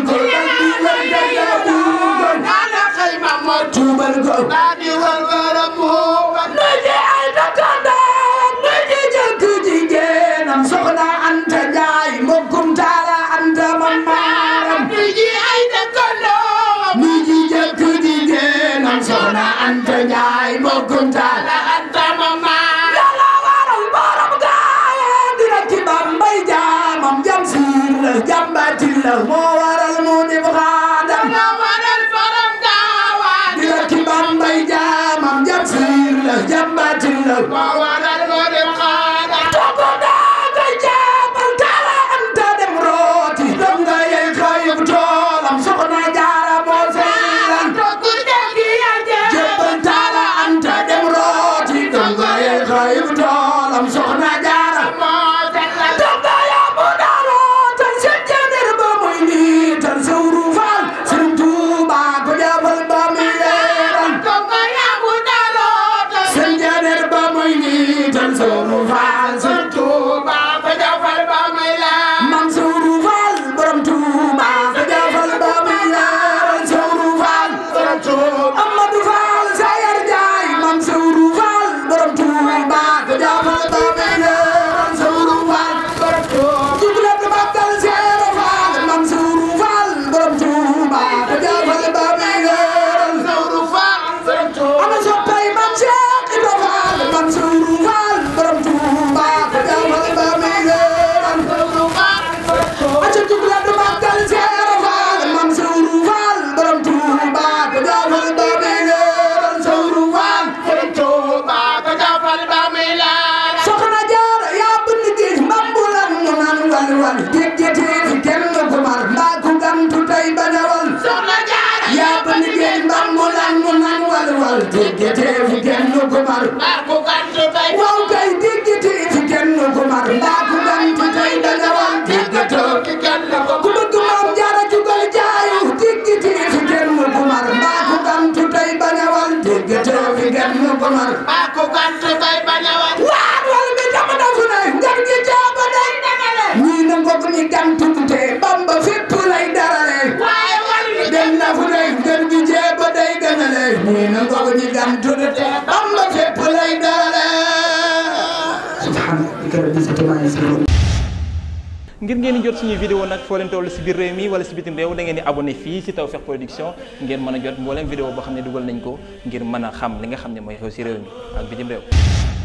tuubal ko tuubal dara tuubal ji ay dakanda na ji jëkk jigéenam soxna taala anta mamaram na ji ay dakanda na ji jëkk jigéenam soxna anta njaay mbokkum taala anta mamaram lala waral borom gaaya dina ci jaamam jam siir la jambaatil bayib toolam soxna jaara tanda yaa bu daaroo tan seen jëndër ba muy nii tan sawru faal Sëriñ Tuuba ko jaabal ba muy leeral tanda yaa bu daaroo tan seen jëndër ba muy nii tan sawru faal jaaxal dawal jéggeteef kenn ku mar mbaa ku gantu tey ba dawal soxna jaara yaa ba liggéey mbam mu lan mu nan wal wal jéggeteef kenn ku mar mbaa ku gantu tey waaw kay jéggeteef kenn ku mar mbaa ku gantu tey ba dawal jéggeteef kenn ku mbaa ku gantu tey ba dawal jéggeteef kenn ku mar mbaa dem ba day ganale nii na ko ñu ngir ngeen jot suñuy vidéo nag foo leen toll si biir réew mi wala si bitim réew da ngeen di abonné fii si Tawfekh Production ngeen mën a jot mbooleem vidéo boo xam ne dugal nañ ko ngir mën a xam li nga xam ne mooy xew si réew mi ak bitim réew.